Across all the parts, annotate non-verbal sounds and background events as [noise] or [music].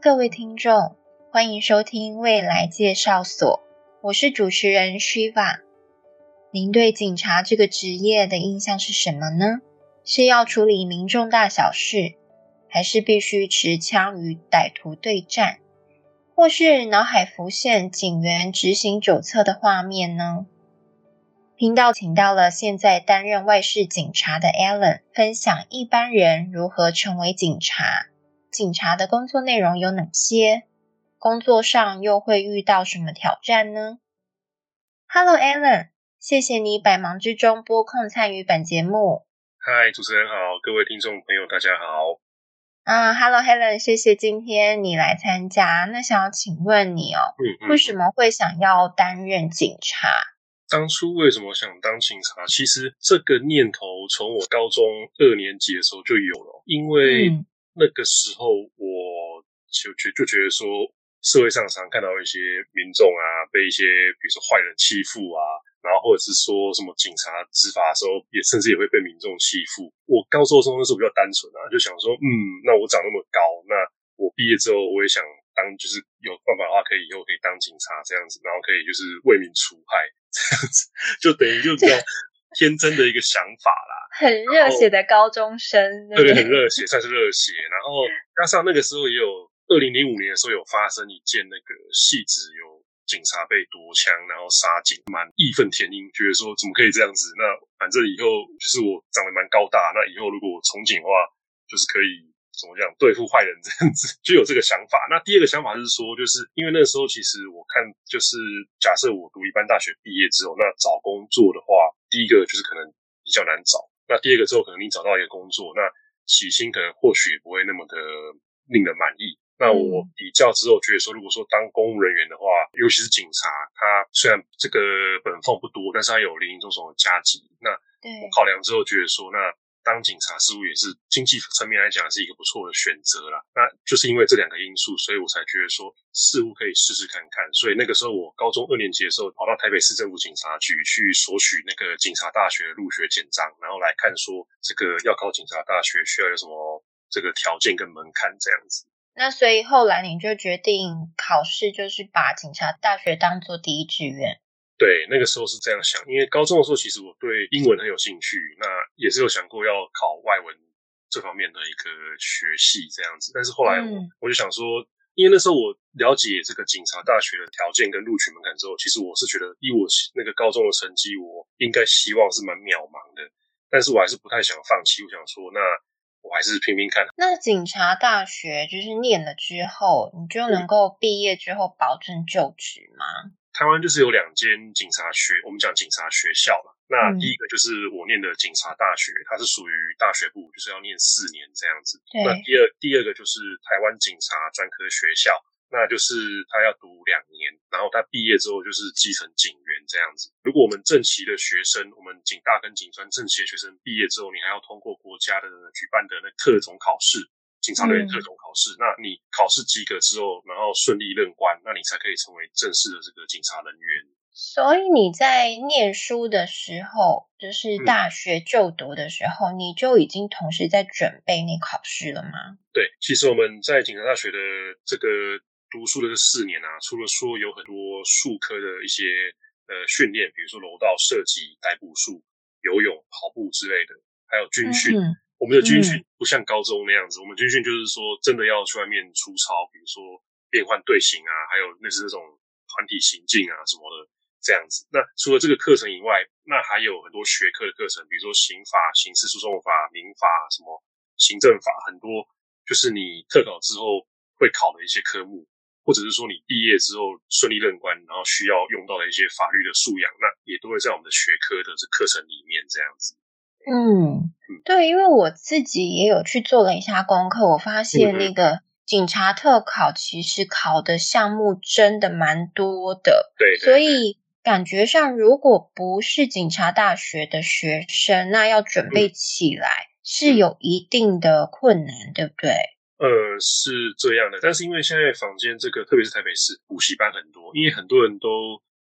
各位聽眾，歡迎收聽未來介紹所。我是主持人 Shiva。您對警察這個職業的印象是什麼呢？是要處理民眾大小事，還是必須持槍與歹徒對戰，或是腦海浮現警員執行酒測的畫面呢？頻道請到了現在擔任外事警察的 Alan，分享一般人如何成為警察。警察的工作內容有哪些？工作上又會遇到什麼挑戰呢？Hello，Alan，謝謝你百忙之中撥空參與本節目。嗨，主持人好，各位聽眾朋友，大家好。Uh，Hello，Alan，謝謝今天你來參加。那想要請問你哦，嗯嗯為什麼會想要擔任警察？當初為什麼想當警察？其實這個念頭從我高中二年級的時候就有了，因為。嗯那個時候，我就覺就覺得說，社會上常常看到一些民眾啊，被一些比如說壞人欺負啊，然後或者是說什麼警察執法的時候也，也甚至也會被民眾欺負。我高中的時候那時候比較單純啊，就想說，嗯，那我長那麼高，那我畢業之後，我也想當，就是有辦法的話，可以以後可以當警察這樣子，然後可以就是為民除害這樣子，就等於就在。 [laughs] 天真的一個想法啦，很熱血的高中生， [laughs] 對，很熱血，算是熱血。然後加上那個時候也有二零零五年的時候有發生一件那個戲子有警察，被奪槍然後殺警，蠻義憤填膺，覺得說怎麼可以這樣子？那反正以後就是我長得蠻高大，那以後如果從警的話，就是可以怎麼樣對付壞人這樣子，就有這個想法。那第二個想法是說，就是因為那個時候其實我看就是假設我讀一般大學畢業之後，那找工作的話。第一個就是可能比較難找，那第二個之後可能你找到一個工作，那起薪可能或許也不會那麼的令人滿意。那我比較之後覺得說，如果說當公務人員的話，尤其是警察，他雖然這個本俸不多，但是他有林林總總的加給。那我考量之後覺得說，那。當警察似乎，也是經濟層面來講是一個不錯的選擇啦，那就是因為這兩個因素，所以我才覺得說似乎可以試試看看。所以那個時候我高中二年級的時候，跑到台北市政府警察局去索取那個警察大學的入學簡章，然後來看說，這個要考警察大學需要有什麼這個條件跟門檻這樣子。那所以後來你就決定考試，就是把警察大學當做第一志願？對，那個時候是這樣想，因為高中的時候其實我對英文很有興趣，那也是有想過要考外文這方面的一個學系這樣子。但是後來我，嗯，我就想說，因為那時候我了解這個警察大學的條件跟錄取門檻之後，其實我是覺得以我那個高中的成績，我應該希望是蠻渺茫的。但是我還是不太想放棄，我想說，那我還是拼拼看。那警察大學就是念了之後，你就能夠畢業之後保證就職嗎？嗯台灣就是有兩間警察學，我們講警察學校吧。那第一個就是我念的警察大學，它是屬於大學部，就是要念四年這樣子。那第二第二個就是台灣警察專科學校，那就是他要讀兩年，然後他畢業之後就是基層警員這樣子。如果我們正期的學生，我們警大跟警專正期的學生畢業之後，你還要通過國家的舉辦的那特種考試。警察人員特種考試、嗯，那你考試及格之後，然後順利任官，那你才可以成為正式的這個警察人員。所以你在念書的時候，就是大學就讀的時候，嗯、你就已經同時在準備你考試了嗎？對，其實我們在警察大學的這個讀書的這四年啊，除了說有很多術科的一些呃訓練，比如說柔道、射擊、逮捕術、游泳、跑步之類的，還有軍訓。嗯我們的軍訓不像高中那樣子，嗯，我們軍訓就是說真的要去外面出操，比如說變換隊形啊，還有類似這種團體行進啊什麼的這樣子。那除了這個課程以外，那還有很多學科的課程，比如說刑法、刑事訴訟法、民法、什麼行政法，很多就是你特考之後會考的一些科目，或者是說你畢業之後順利任官，然後需要用到的一些法律的素養，那也都會在我們的學科的這課程裡面這樣子。嗯，對，因為我自己也有去做了一下功課，我發現那個警察特考其實考的項目真的蠻多的，對、嗯，所以感覺上如果不是警察大學的學生，那要準備起來是有一定的困難，嗯、對不對？呃，是這樣的，但是因為現在坊間這個，特別是台北市補習班很多，因為很多人都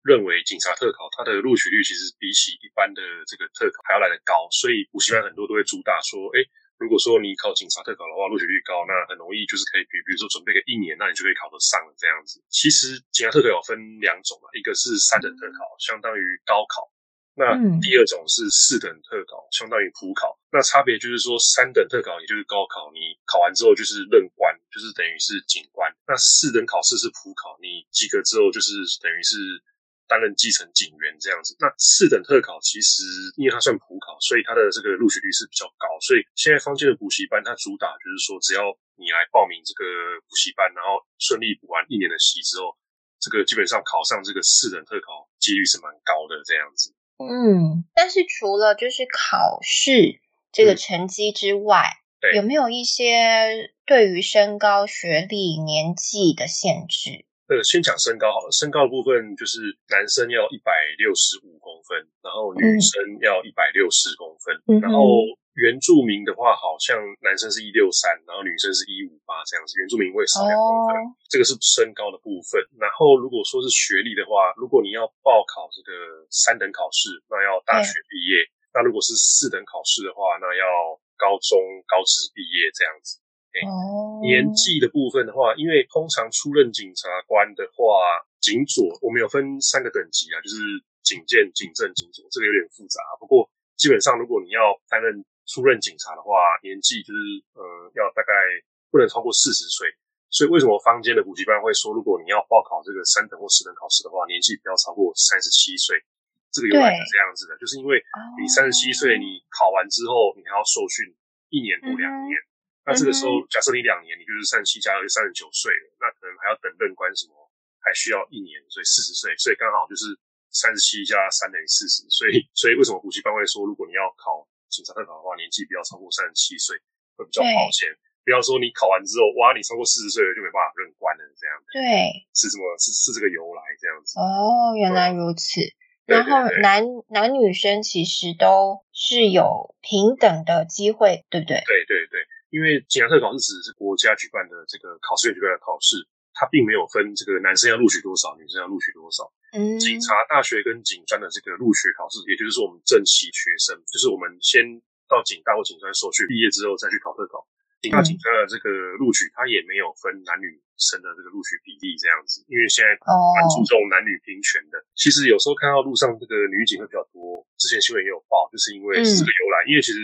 認為警察特考它的錄取率其實比起一般的這個特考還要來得高，所以補習班很多都會主打說，哎、欸，如果說你考警察特考的話，錄取率高，那很容易就是可以比，比如說準備個一年，那你就可以考得上了這樣子。其實警察特考分兩種嘛，一個是三等特考，相當於高考；那第二種是四等特考，相當於普考。那差別就是說，三等特考也就是高考，你考完之後就是任官，就是等於是警官；那四等考試是普考，你及格之後就是等於是。擔任基層警員這樣子，那四等特考其實因為它算普考，所以它的這個錄取率是比較高。所以現在坊間的補習班，它主打就是說，只要你來報名這個補習班，然後順利補完一年的習之後，這個基本上考上這個四等特考幾率是蠻高的這樣子。嗯，但是除了就是考試這個成績之外，嗯、有沒有一些對於身高、學歷、年紀的限制？這個先講身高好了。身高的部分就是男生要一百六十五公分，然後女生要一百六十公分，嗯。然後原住民的話，好像男生是一六三，然後女生是一五八這樣子。原住民會少兩公分。哦，這個是身高的部分。然後如果說是學歷的話，如果你要報考這個三等考試，那要大學畢業、哎，那如果是四等考試的話，那要高中、高職畢業這樣子。哦、欸，年紀的部分的話，因為通常初任警察官的話，警佐我們有分三個等級啊，就是警監、警正、警佐，這個有點複雜。不過基本上，如果你要擔任初任警察的話，年紀就是呃，要大概不能超過四十歲。所以為什麼坊間的補習班會說，如果你要報考這個三等或四等考試的話，年紀不要超過三十七歲，這個原來是這樣子的，就是因為你三十七歲，你考完之後，你還要受訓一年多兩年。嗯那這個時候，假設你兩年，你就是三十七加二，就三十九歲了。那可能還要等任官什麼，還需要一年，所以四十歲，所以剛好就是三十七加三等於四十。所以，所以為什麼補習班會說，如果你要考警察特考的話，年紀不要超過三十七歲，會比較保險。不要說你考完之後，哇，你超過四十歲了，就沒辦法任官了這樣子。對，是什麼？是是這個由來這樣子。哦，原來如此。嗯、然後男對對對，男女生其實都是有平等的機會，對不對，對？對對對。因為警察特考是指是國家舉辦的這個考試院舉辦的考試，它並沒有分這個男生要錄取多少，女生要錄取多少。嗯，警察大學跟警專的這個入學考試，也就是說我們正期學生，就是我們先到警大或警專受訓，畢業之後再去考特考。警大，嗯、警專的這個錄取，它也沒有分男女生的這個錄取比例這樣子，因為現在蠻注重男女平權的。哦、其實有時候看到路上這個女警會比較多，之前新聞也有報，就是因為是這個由來、嗯，因為其實。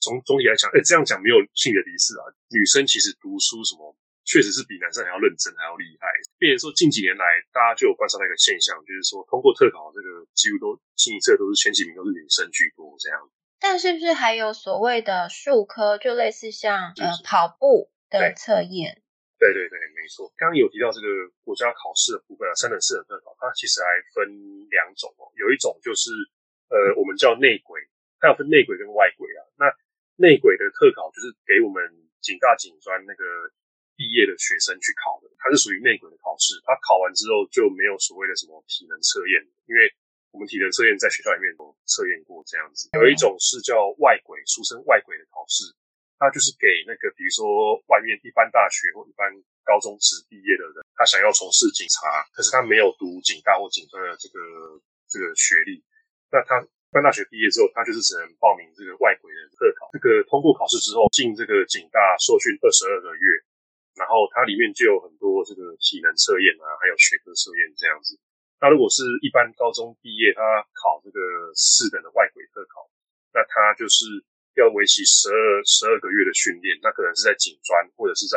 總總體來講，哎、欸，這樣講沒有性別歧視啊。女生其實讀書什麼，確實是比男生還要認真，還要厲害。變成說近幾年來，大家就有觀察到一個現象，就是說通過特考這、那個，幾乎都清一色都是前幾名都是女生居多這樣。但是不是還有所謂的術科，就類似像是是呃跑步的測驗？對對對，沒錯。剛剛有提到這個國家考試的部分啊，三等四等特考，它其實還分兩種哦。有一種就是呃、嗯，我們叫內軌，它有分內軌跟外軌啊。那內軌的特考就是給我們警大警專那個畢業的學生去考的，他是屬於內軌的考試。他考完之後就沒有所謂的什麼體能測驗，因為我們體能測驗在學校裡面都測驗過這樣子。有一種是叫外軌，俗稱外軌的考試，他就是給那個比如說外面一般大學或一般高中職畢業的人，他想要從事警察，可是他沒有讀警大或警專的這個這個學歷，那他。辦大學畢業之後，他就是只能報名這個外軌的特考。這個通過考試之後，進這個警大受訓二十二個月，然後它裡面就有很多這個體能測驗啊，還有學科測驗這樣子。那如果是一般高中畢業，他考這個四等的外軌特考，那他就是要維持十二十二個月的訓練。那可能是在警專或者是在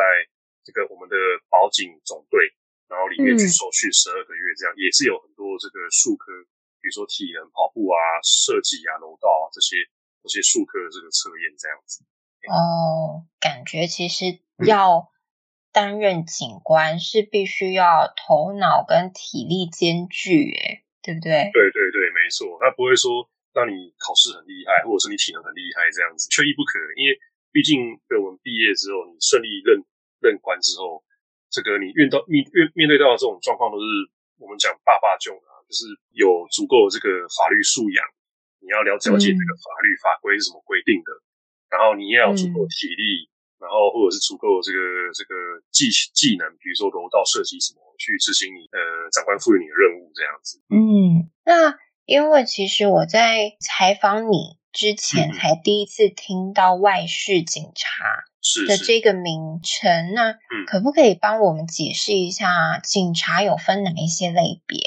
這個我們的保警總隊，然後裡面去受訓十二個月，這樣、嗯、也是有很多這個術科。比如說體能跑步啊、設計啊、柔道啊這些這些術科的這個測驗這樣子哦，感覺其實要擔任警官是必須要頭腦跟體力兼具。誒，對不對、嗯？對對對，沒錯。那不會說讓你考試很厲害，或者是你體能很厲害這樣子，缺一不可。因為畢竟對我們畢業之後，你順利任任官之後，這個你遇到面面面對到的這種狀況都是我們講“爸爸就的。就是有足夠的這個法律素養，你要了了解這個法律法規是什麼規定的，嗯、然後你也要有足夠體力、嗯，然後或者是足夠的這個這個技技能，比如說柔道設計什麼，去執行你呃長官賦予你的任務這樣子嗯。嗯，那因為其實我在採訪你之前，才第一次聽到外事警察的這個名稱。是是那可不可以幫我們解釋一下，警察有分哪一些類別？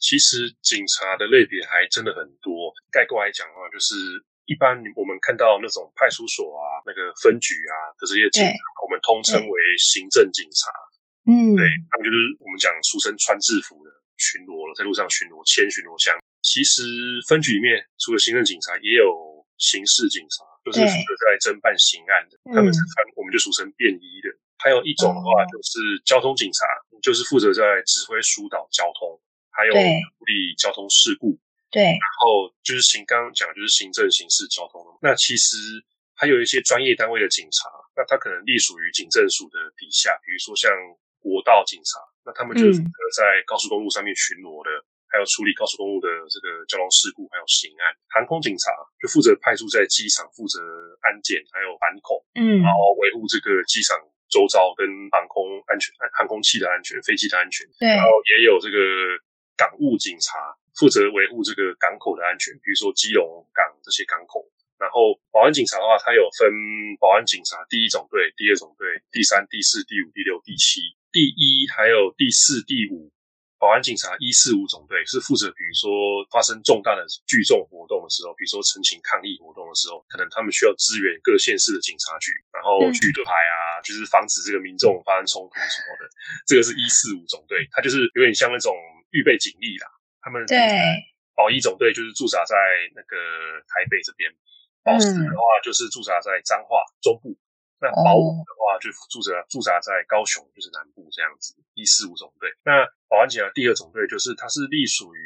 其實警察的類別還真的很多，概括來講的話，就是一般我們看到那種派出所啊，那個分局啊的這些警察，我們通稱為行政警察。嗯，對，他們就是我們講俗稱穿制服的巡邏了，在路上巡邏、簽巡邏箱。其實分局裡面除了行政警察，也有刑事警察，就是負責在偵辦刑案的。嗯、他們是穿，他們我們就俗稱便衣的。還有一種的話，就是交通警察，哦，就是負責在指揮疏導交通。還有處理交通事故，對，然後就是行，剛剛講的就是行政刑事交通。那其實還有一些專業單位的警察，那他可能隸屬於警政署的底下，比如說像國道警察，那他們就負責在高速公路上面巡邏的、嗯，還有處理高速公路的這個交通事故，還有刑案。航空警察就負責派駐在機場，負責安檢，還有反恐，嗯，然後維護這個機場周遭跟航空安全、航空器的安全、飛機的安全。對，然後也有這個。港務警察負責維護這個港口的安全，比如說基隆港這些港口。然後保安警察的話，他有分保安警察第一總隊、第二總隊、第三、第四、第五、第六、第七、第一還有第四、第五保安警察一四五總隊是負責，比如說發生重大的聚眾活動的時候，比如說陳情抗議活動的時候，可能他們需要支援各縣市的警察局，然後舉盾牌啊，就是防止這個民眾發生衝突什麼的。這個是一四五總隊，它就是有點像那種。預備警力啦，他們對保一總隊就是駐紮在那個台北這邊，保四的話就是駐紮在彰化中部，嗯、那保五的話就駐紮駐紮在高雄，就是南部這樣子。哦、一四五總隊，那保安警察第二總隊就是它是隸屬於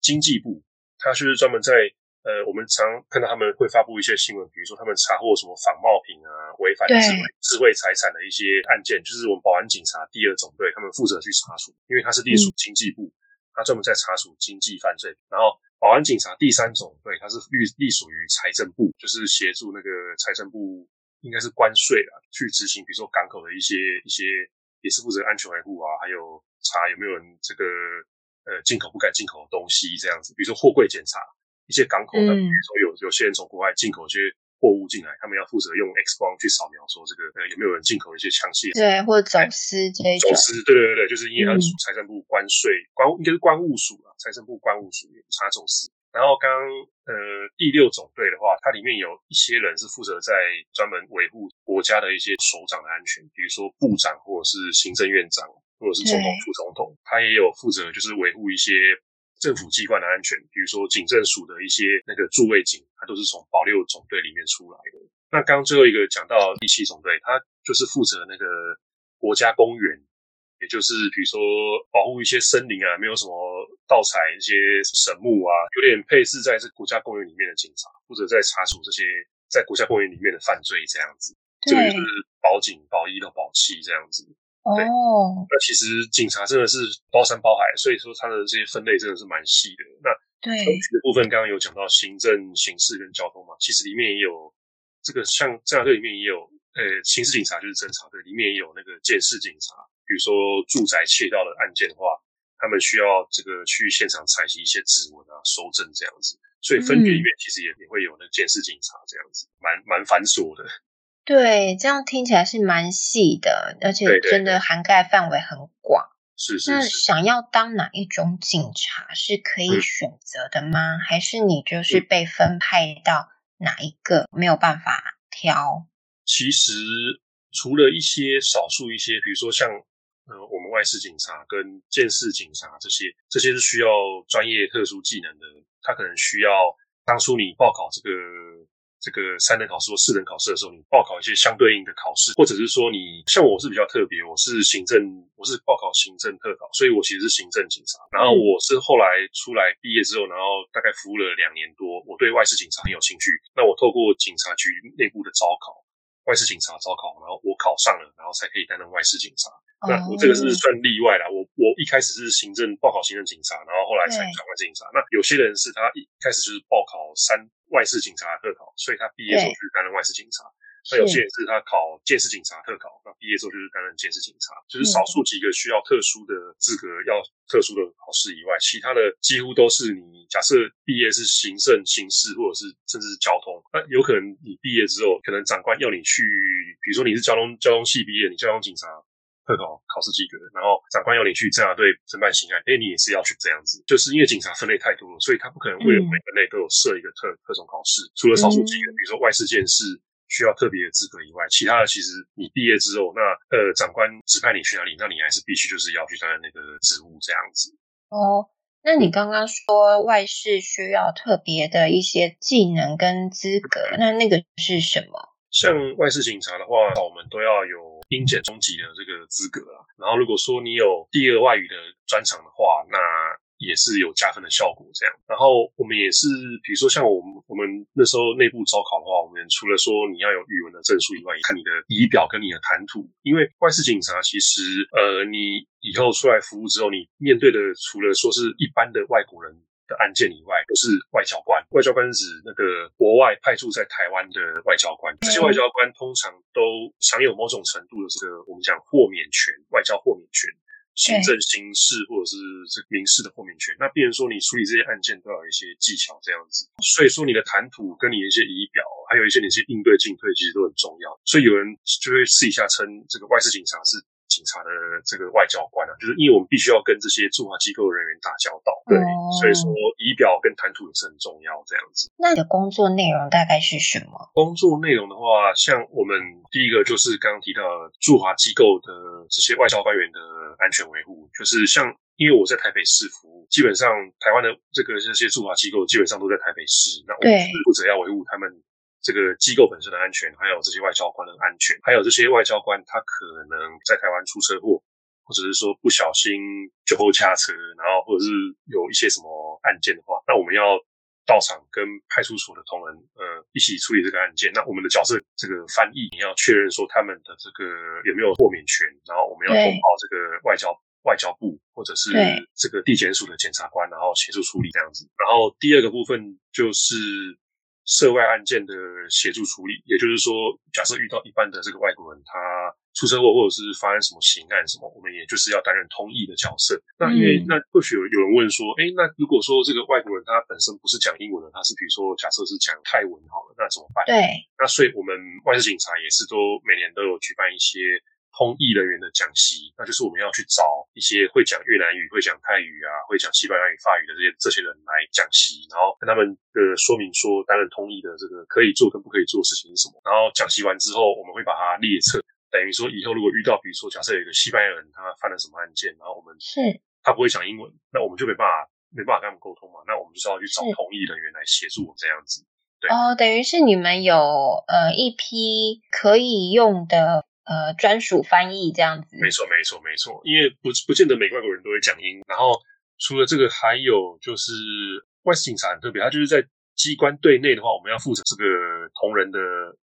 經濟部，它就是專門在呃，我們常看到他們會發布一些新聞，比如說他們查獲什麼仿冒品啊、違反智慧智慧財產的一些案件，就是我們保安警察第二總隊他們負責去查處，因為它是隸屬經濟部。嗯嗯他專門在查處經濟犯罪，然後保安警察第三種，對，他是隸隸屬於財政部，就是協助那個財政部，應該是關稅啊，去執行，比如說港口的一些一些，也是負責安全維護啊，還有查有沒有人這個呃進口不該進口的東西這樣子，比如說貨櫃檢查一些港口的，比如說有有些人從國外進口一些。貨物進來，他們要負責用 X 光去掃描，說這個呃有沒有人進口一些槍械，對，或者走私這一種。走私，對對對，就是因為它是財政部關稅，嗯、關應該是關務署啦，財政部關務署查走私。然後剛剛呃第六總隊的話，它裡面有一些人是負責在專門維護國家的一些首長的安全，比如說部長或者是行政院長或者是總統、副總統，他也有負責就是維護一些。政府機關的安全，比如說警政署的一些那個駐衛警，他都是從保六總隊裡面出來的。那剛剛最後一個講到第七總隊，他就是負責那個國家公園，也就是比如說保護一些森林啊，沒有什麼盜採一些神木啊，有點配置在這國家公園裡面的警察，或者在查處這些在國家公園裡面的犯罪這樣子。對。這個就，就是保警、保一到保七這樣子。哦，那、oh. 其實警察真的是包山包海，所以說他的這些分類真的是蠻細的對。那分局的部分剛剛有講到行政、刑事跟交通嘛，其實裡面也有這個像這樣這裡面也有，呃、欸，刑事警察就是偵查隊裡面也有那個鑑識警察，比如說住宅竊盜的案件的話，他們需要這個去現場採集一些指紋啊、蒐證這樣子，所以分局裡面其實也也會有那個鑑識警察這樣子，蠻、嗯、蠻繁瑣的。對，這樣聽起來是蠻細的，而且真的涵蓋範圍很廣。是是，那想要當哪一種警察是可以選擇的嗎？嗯、還是你就是被分派到哪一個、嗯、沒有辦法挑？其實，除了一些少數一些，比如說像呃，我們外事警察跟鑑識警察這些，這些是需要專業特殊技能的，他可能需要當初你報考這個。這個三等考試或四等考試的時候，你報考一些相對應的考試，或者是說你、你像我是比較特別，我是行政，我是報考行政特考，所以我其實是行政警察。然後我是後來出來畢業之後，然後大概服務了兩年多，我對外事警察很有興趣。那我透過警察局內部的招考，外事警察招考，然後我考上了，然後才可以擔任外事警察。Oh. 那我這個是，是算例外了。我我一開始是行政報考行政警察，然後後來才轉外事警察。那有些人是他一開始就是報考三外事警察的特考，所以他畢業就去擔任外事警察。 [noise] 他有些也是他考鑑識警察特考，那畢業之後就是擔任鑑識警察。就是少數幾個需要特殊的資格，要特殊的考試以外，其他的幾乎都是你假設畢業是行政、刑事，或者是甚至是交通，那有可能你畢業之後，可能長官要你去，比如說你是交通交通系畢業，你交通警察特考考試及格，然後長官要你去偵查隊，偵辦刑案，哎，你也是要去這樣子，就是因為警察分類太多了，所以他不可能為了每個類都有設一個特、嗯、特種考試，除了少數幾個，比如說外事、鑑識。需要特別的資格以外，其他的其實你畢業之後，那呃長官指派你去哪裡，那你還是必須就是要去擔任那個職務這樣子。哦，那你剛剛說外事需要特別的一些技能跟資格、嗯，那那個是什麼？像外事警察的話，我們都要有英檢中級的這個資格了、啊。然後如果說你有第二外語的專長的話，那。也是有加分的效果，這樣。然後我們也是，比如說像我們我們那時候內部招考的話，我們除了說你要有語文的證書以外，也看你的儀表跟你的談吐。因為外事警察其實，呃，你以後出來服務之後，你面對的除了說是一般的外國人的案件以外，都是外交官。外交官是指那個國外派駐在台灣的外交官，這些外交官通常都享有某種程度的這個我們講豁免權，外交豁免權。行政、刑事或者是這民事的豁免權，那必然說你處理這些案件都有一些技巧這樣子，所以說你的談吐跟你的一些儀表，還有一些你一些應對進退，其實都很重要。所以有人就會私底下稱這個外事警察是。警察的這個外交官啊，就是因為我們必須要跟這些駐華機構人員打交道，對、哦，所以說儀表跟談吐也是很重要這樣子。那你的工作內容大概是什麼？工作內容的話，像我們第一個就是剛剛提到駐華機構的這些外交官員的安全維護，就是像因為我在台北市服務，基本上台灣的這個這些駐華機構基本上都在台北市，那我是負責要維護他們。這個機構本身的安全，還有這些外交官的安全，還有這些外交官他可能在台灣出車禍，或者是說不小心酒後駕車，然後或者是有一些什麼案件的話，那我們要到場跟派出所的同仁呃一起處理這個案件。那我們的角色這個翻譯，你要確認說他們的這個有沒有豁免權，然後我們要通報這個外交外交部或者是這個地檢署的檢察官，然後協助處理這樣子。然後第二個部分就是。涉外案件的協助處理，也就是說，假設遇到一般的這個外國人，他出車禍或者是發生什麼刑案，什麼，我們也就是要擔任通譯的角色。嗯。那因為那或許有有人問說，哎，那如果說這個外國人他本身不是講英文的，他是比如說假設是講泰文好了，那怎麼辦？對。那所以我們外事警察也是都每年都有舉辦一些。通譯人員的講習，那就是我們要去找一些會講越南語、會講泰語啊、會講西班牙語、法語的這些這些人來講習，然後跟他們的說明說，擔任通譯的這個可以做跟不可以做的事情是什麼。然後講習完之後，我們會把它列冊，等於說以後如果遇到，比如說假設有一個西班牙人他犯了什麼案件，然後我們是他不會講英文，那我們就沒辦法沒辦法跟他們溝通嘛，那我們就是要去找通譯人員來協助我們這樣子。對哦，等於是你們有呃一批可以用的。呃，專屬翻譯這樣子，沒錯，沒錯，沒錯。因為不不見得每個外國人都會講英，然後除了這個，還有就是外事警察很特別，他就是在機關對內的話，我們要負責這個同仁的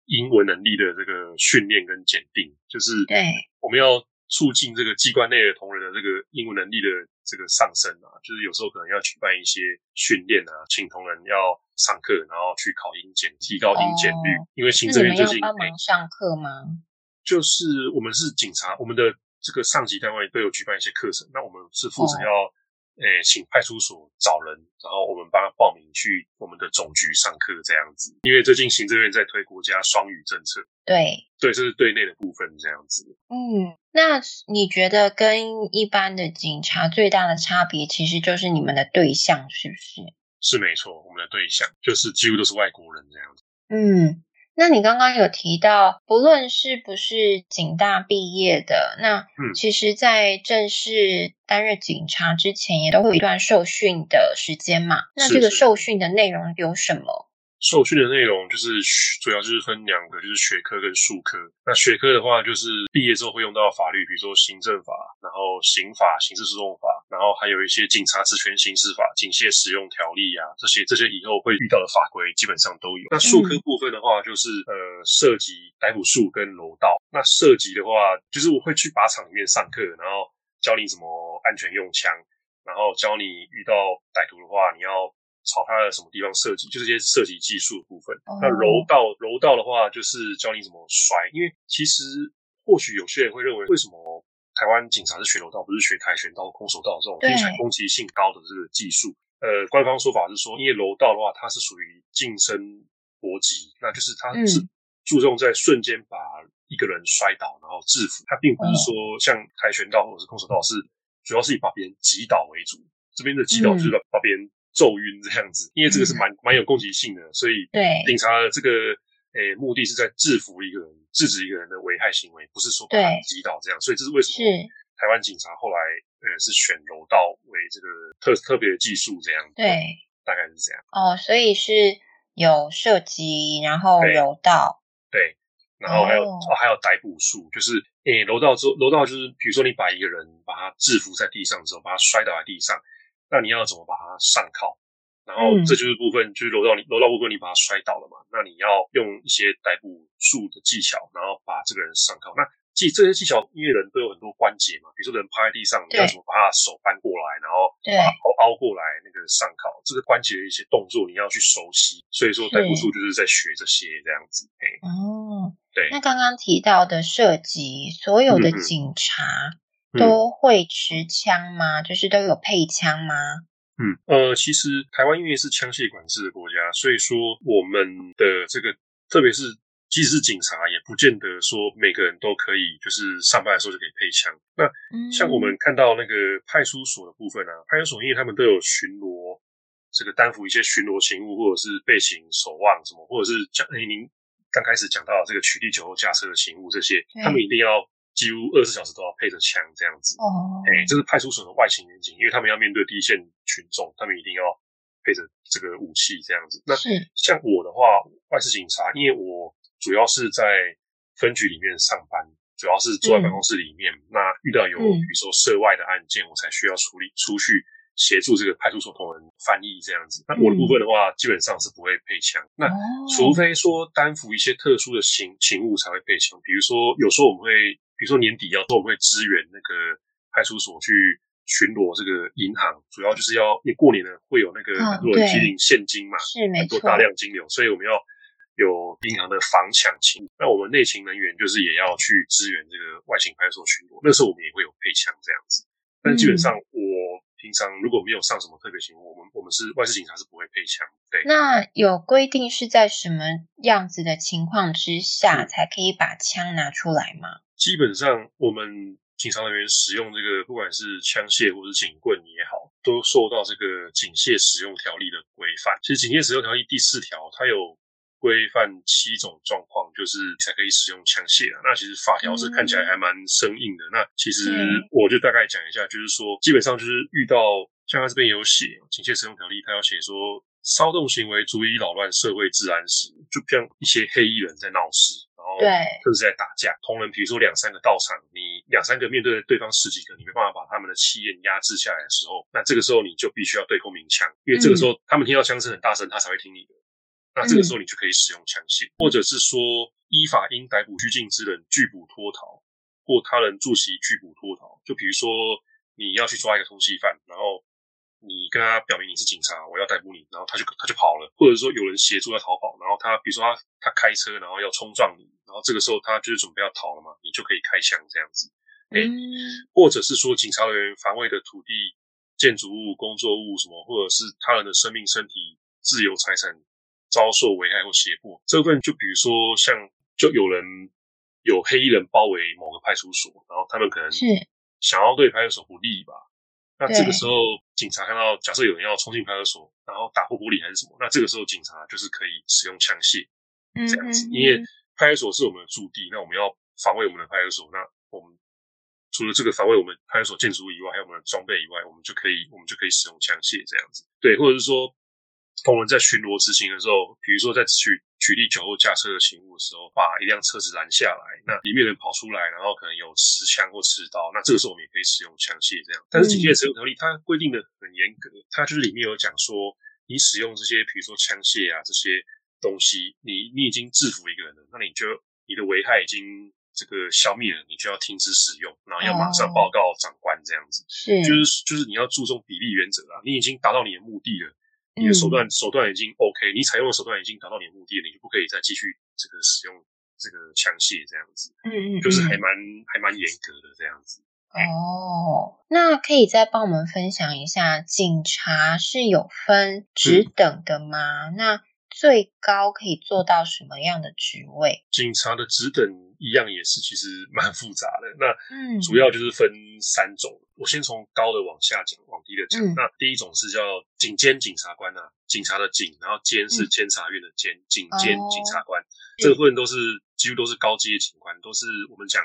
英文能力的這個訓練跟檢定，就是對我們要促進這個機關內的同仁的這個英文能力的這個上升啊，就是有時候可能要舉辦一些訓練啊，請同仁要上課，然後去考英檢，提高英檢率，哦，因為行政院最近你要幫忙上課嗎？就是我們是警察，我們的這個上級單位都有舉辦一些課程，那我們是負責要誒、Oh. 呃、請派出所找人，然後我們幫他報名去我們的總局上課這樣子。因為最近行政院在推國家雙語政策，對，對，這是對內的部分這樣子。嗯，那你覺得跟一般的警察最大的差別，其實就是你們的對象，是不是？是沒錯，我們的對象就是幾乎都是外國人這樣子。嗯。那你剛剛有提到，不論是不是警大畢業的，那其實，在正式擔任警察之前，也都會有一段受訓的時間嘛？那這個受訓的內容有什麼？受訓的內容就是主要就是分兩個，就是學科跟術科。那學科的話，就是畢業之後會用到法律，比如說行政法，然後刑法、刑事訴訟法，然後還有一些警察職權行使法、警械使用條例啊，這些這些以後會遇到的法規基本上都有。那術科部分的話，就是、嗯、呃射擊逮捕術跟柔道。那射擊的話，就是我會去靶場裡面上課，然後教你怎麼安全用槍，然後教你遇到歹徒的話，你要。朝他的什麼地方射擊，就是一些射擊技術的部分。Oh. 那柔道，柔道的話就是教你怎麼摔，因為其實或許有些人會認為，為什麼台灣警察是學柔道，不是學跆拳道、空手道這種非常攻擊性高的這個技術？呃，官方說法是說，因為柔道的話，它是屬於近身搏擊，那就是它是注重在瞬間把一個人摔倒，然後制服。嗯。它並不是說像跆拳道或者是空手道，Oh. 是主要是以把別人擊倒為主。這邊的擊倒就是把別人。揍暈這樣子，因為這個是蠻蠻、嗯、有攻擊性的，所以對警察這個誒、欸、目的是在制服一個人，制止一個人的危害行為，不是說把他擊倒這樣。所以這是為什麼是台灣警察後來呃是選柔道為這個特特別的技術這樣。對、嗯，大概是這樣。哦，所以是有射擊，然後柔道，對，對然後還有哦，哦還有逮捕術，就是誒、欸、柔道之後柔道就是比如說你把一個人把他制服在地上之後，把他摔倒在地上，那你要怎麼把它上銬，然後這就是部分。嗯、就是樓到你落到部分，你把他摔倒了嘛，那你要用一些逮捕術的技巧，然後把這個人上銬。那其這些技巧，因為人都有很多關節嘛，比如說人趴在地上，你要怎麼把他的手扳過來，然後對凹凹過來那個上銬。這個關節的一些動作你要去熟悉。所以說逮捕術就是在學這些這樣子。哦、嗯，對。那剛剛提到的涉及，所有的警察。嗯都、嗯、會持槍嗎？就是都有配槍嗎？嗯，呃，其實台灣因為是槍械管制的國家，所以說我們的這個，特別是即使是警察，也不見得說每個人都可以，就是上班的時候就可以配槍、嗯。那像我們看到那個派出所的部分呢、啊，派出所因為他們都有巡邏，這個擔負一些巡邏勤務，或者是備勤守望什麼，或者是講誒、欸，您剛開始講到這個取締酒後駕車的勤務這些，他們一定要。幾乎二十四小時都要配着槍這樣子哦，哎、oh. 欸，這是派出所的外勤民警，因為他們要面對第一線群眾，他們一定要配着這個武器這樣子。那是像我的話，外事警察，因為我主要是在分局裡面上班，主要是坐在辦公室裡面。嗯、那遇到有比如說涉外的案件、嗯，我才需要處理出去協助這個派出所同仁翻譯這樣子。那我的部分的話，嗯、基本上是不會配槍，那、oh. 除非說擔負一些特殊的勤勤務才會配槍，比如說有時候我們會。比如說年底要說我們會，支援那個派出所去巡邏。這個銀行主要就是要，因為過年呢會有那個做提領現金嘛，哦、金是沒錯，很多大量金流，所以我們要有銀行的防搶勤務。那我們內勤人員就是也要去支援這個外勤派出所巡邏。那時候我們也會有配槍這樣子。但是基本上我平常如果沒有上什麼特別勤務，我們我們是外事警察是不會配槍。對，那有規定是在什麼樣子的情況之下才可以把槍拿出來嗎？基本上，我們警察人員使用這個，不管是槍械或者警棍也好，都受到這個警械使用條例的規範。其實，警械使用條例第四條，它有規範七種狀況，就是才可以使用槍械啊。那其實法條是看起來還蠻生硬的、嗯。那其實我就大概講一下，就是說，基本上就是遇到像他這邊有寫警械使用條例，他要寫說騷動行為足以擾亂社會治安時，就像一些黑衣人在鬧事。對，特別是在打架，同人，比如說兩三個到場，你兩三個面對對方十幾個，你沒辦法把他們的氣焰壓制下來的時候，那這個時候你就必須要對空鳴槍，因為這個時候他們聽到槍聲很大聲，他才會聽你的。那這個時候你就可以使用槍械、嗯，或者是說依法應逮捕拘禁之人拒捕脫逃，或他人助其拒捕脫逃。就比如說你要去抓一個通緝犯，然後。你跟他表明你是警察，我要逮捕你，然後他就他就跑了，或者說有人協助要逃跑，然後他比如說他他開車，然後要衝撞你，然後這個時候他就是準備要逃了嘛，你就可以開槍這樣子，哎、嗯，或者是說警察人員防衛的土地、建築物、工作物什麼，或者是他人的生命、身體、自由、財產遭受危害或脅迫，這部分就比如說像就有人有黑衣人包圍某個派出所，然後他們可能是想要對他有所不利吧，那這個時候。警察看到，假設有人要衝進派出所，然後打破玻璃還是什麼，那這個時候警察就是可以使用槍械這樣子，嗯嗯嗯，因為派出所是我們的駐地，那我們要防衛我們的派出所，那我們除了這個防衛我們派出所建築物以外，還有我們的裝備以外，我們就可以我們就可以使用槍械這樣子，對，或者是說。我們在巡邏執勤的時候，比如說在取取締酒後駕車的行為的時候，把一輛車子攔下來，那裡面的人跑出來，然後可能有持槍或持刀，那這個時候我們也可以使用槍械這樣。但是警械使用條例它規定的很嚴格，嗯，它就是裡面有講說，你使用這些比如說槍械啊這些東西，你你已經制服一個人了，那你就你的危害已經這個消滅了，你就要停止使用，然後要馬上報告長官這樣子。嗯、就是就是你要注重比例原則啊，你已經達到你的目的了。你的手段，嗯、手段已經 OK，你採用的手段已經達到你的目的了，你就不可以再繼續這個使用這個槍械這樣子。嗯嗯，嗯，就是還蠻還蠻嚴格的這樣子。哦，那可以再幫我們分享一下，警察是有分職等的嗎？嗯、那。最高可以做到什麼樣的職位？警察的職等一樣也是其實蠻複雜的。那主要就是分三種。嗯、我先從高的往下講，往低的講、嗯。那第一種是叫警監警察官吶、啊，警察的警，然後監是監察院的監、嗯，警監警察官。嗯、這個、部分都是幾乎都是高級的警官，都是我們講，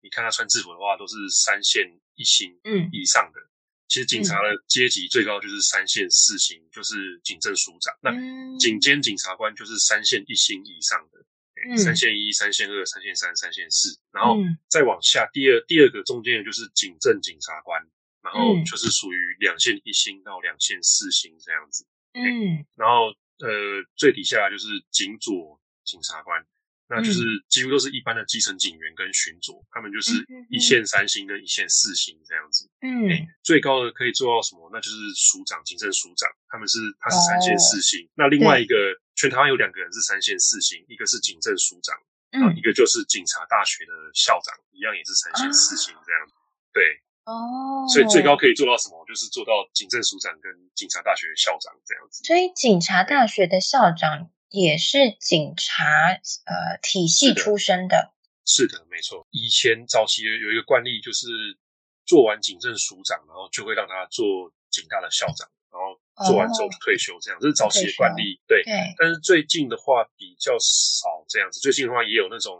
你看他穿制服的話，都是三線一星以上的。嗯其實警察的階級最高就是三線四星、嗯，就是警政署長。那警監警察官就是三線一星以上的，嗯，三線一、三線二、三線三、三線四，然後再往下，第二第二個中間的就是警政警察官，然後就是屬於兩線一星到兩線四星這樣子。嗯，然後呃，最底下就是警佐警察官。那就是幾乎都是一般的基層警員跟巡佐、嗯，他們就是一線三星跟一線四星這樣子。嗯、欸，最高的可以做到什麼？那就是署長、警政署長，他們是他是三線四星。哦，那另外一個全台灣有兩個人是三線四星，一個是警政署長，嗯、然後一個就是警察大學的校長，一樣也是三線四星這樣子，哦。對，哦，所以最高可以做到什麼？就是做到警政署長跟警察大學的校長這樣子。所以警察大學的校長。嗯也是警察呃體系出身的，是的，是的沒錯。以前早期有一個慣例，就是做完警政署長，然後就會讓他做警大的校長，然後做完之後就退休，這樣、哦、這是早期的慣例對。對，但是最近的話比較少這樣子。最近的話也有那種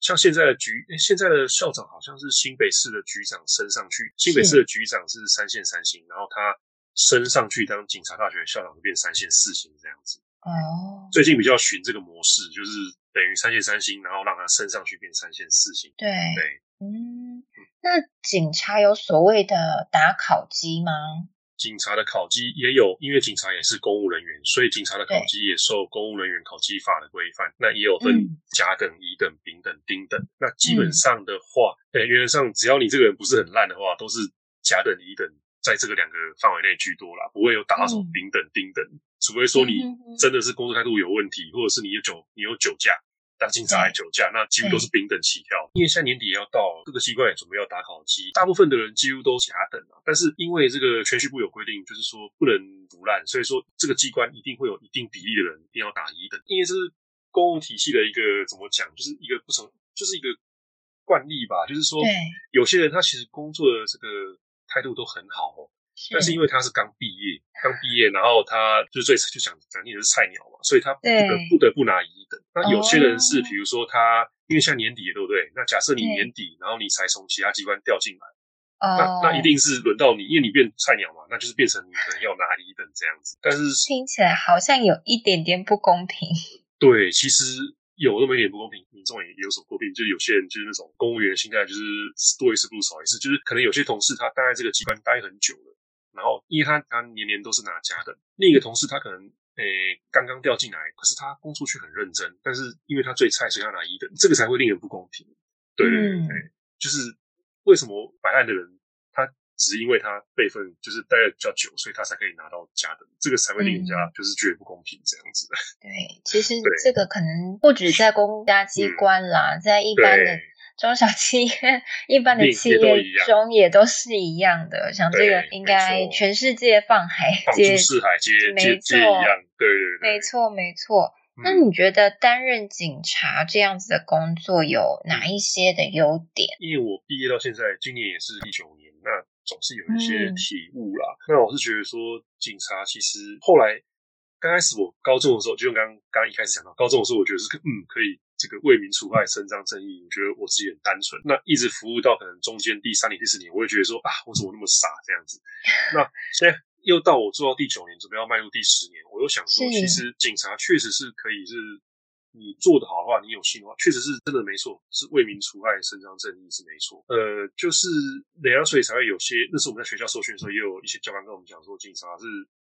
像現在的局、欸，現在的校長好像是新北市的局長升上去，新北市的局長是三線三星，然後他升上去當警察大學校長，變三線四星這樣子。哦、oh，最近比較循這個模式，就是等於三線三星，然後讓它升上去變三線四星。對對，嗯，那警察有所謂的打考績嗎？警察的考績也有，因為警察也是公務人員，所以警察的考績也受公務人員考績法的規範。那也有分甲等、乙、嗯、等、丙等、丁等。那基本上的話，呃、嗯欸，原則上只要你這個人不是很爛的話，都是甲等、乙等。在這個兩個範圍內居多啦，不會有打到什麼丙等、嗯、丁等，除非說你真的是工作態度有問題，嗯、或者是你有酒，你有酒駕，當警察還酒駕，嗯、那幾乎都是丙等起跳、嗯。因為現在年底要到，各、這個機關也準備要打考績，大部分的人幾乎都甲等啦，但是因為這個銓敘部有規定，就是說不能浮濫，所以說這個機關一定會有一定比例的人一定要打乙等，因為這是公共體系的一個怎麼講，就是一個不成，就是一個慣例吧。就是說，有些人他其實工作的這個。態度都很好哦，但是因為他是剛畢業，剛畢業，然後他就最就講講你也是菜鳥嘛，所以他不得不拿一等。那有些人是，哦、比如說他，因為像年底對不對？那假設你年底，然後你才從其他機關調進來，哦、那那一定是輪到你，因為你變菜鳥嘛，那就是變成你可能要拿一等這樣子。但是聽起來好像有一點點不公平。對，其實。有那麼一點不公平，民眾也有所詬病，就是有些人就是那種公務員心態，就是多一事不如少一事，就是可能有些同事他待在這個機關待很久了，然後因為他他年年都是拿加的，另、那、一個同事他可能誒剛剛調進來，可是他工作卻很認真，但是因為他最菜，所以他拿一等，這個才會令人不公平。對對對、嗯欸，就是為什麼擺爛的人？只是因為他輩分就是待的比較久，所以他才可以拿到家的，這個才會令人家就是覺得不公平這樣子。對，其實這個可能不止在公家機關啦、嗯，在一般的中小企業、一般的企業中也都是一樣的。像這個應該全世界放海放諸四海皆皆一樣。對對對，沒錯沒錯、嗯。那你覺得擔任警察這樣子的工作有哪一些的優點、嗯？因為我畢業到現在，今年也是第九年。那總是有一些體悟啦。嗯、那我是覺得說，警察其實後來剛開始我高中的時候，就像剛剛一開始講到，高中的時候我覺得是嗯，可以這個為民除害、伸張正義，我覺得我自己很單純。那一直服務到可能中間第三年、第四年，我也覺得說啊，我怎麼那麼傻這樣子？那現在又到我做到第九年，準備要邁入第十年，我又想說，其實警察確實是可以是。你做得好的話，你有信的話，確實是真的沒錯，是為民除害、伸張正義是沒錯。呃，就是人家所以才會有些，那是我們在學校受訓的時候，也有一些教官跟我們講說，警察是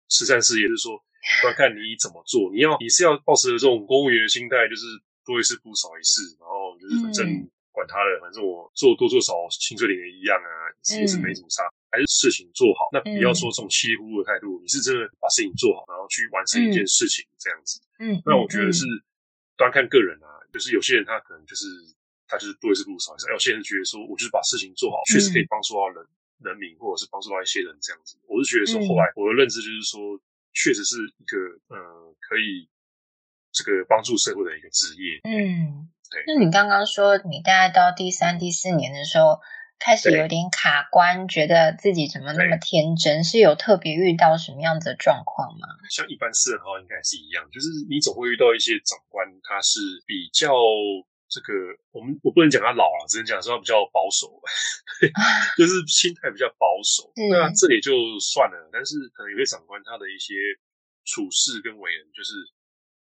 慈善事業，就是說要看你怎麼做。你要你是要抱持這種公務員的心態，就是多一事不如少一事，然後就是反正管他了，嗯、反正我做多做少，薪水裡面一樣啊，也是沒什麼差、嗯，還是事情做好。那不要說這種輕忽的態度，你是真的把事情做好，然後去完成一件事情這樣子。嗯，那我覺得是。嗯單看個人啊，就是有些人他可能就是他就是多一事不如少一事，有些人覺得說，我就是把事情做好，確實可以幫助到人、嗯、人民，或者是幫助到一些人這樣子。我是覺得說，後來我的認知就是說，確實是一個呃，可以這個幫助社會的一個職業。嗯，對。那你剛剛說，你大概到第三、第四年的時候。開始有點卡關，對對，覺得自己怎麼那麼天真？是有特別遇到什麼樣子的狀況嗎？像一般私人號應該是一樣，就是你總會遇到一些長官，他是比較這個，我們，我不能講他老啊，只能講說他比較保守， [laughs] [laughs] 就是心態比較保守。那、 [laughs] 嗯、這也就算了，但是可能有些長官他的一些處事跟為人，就是。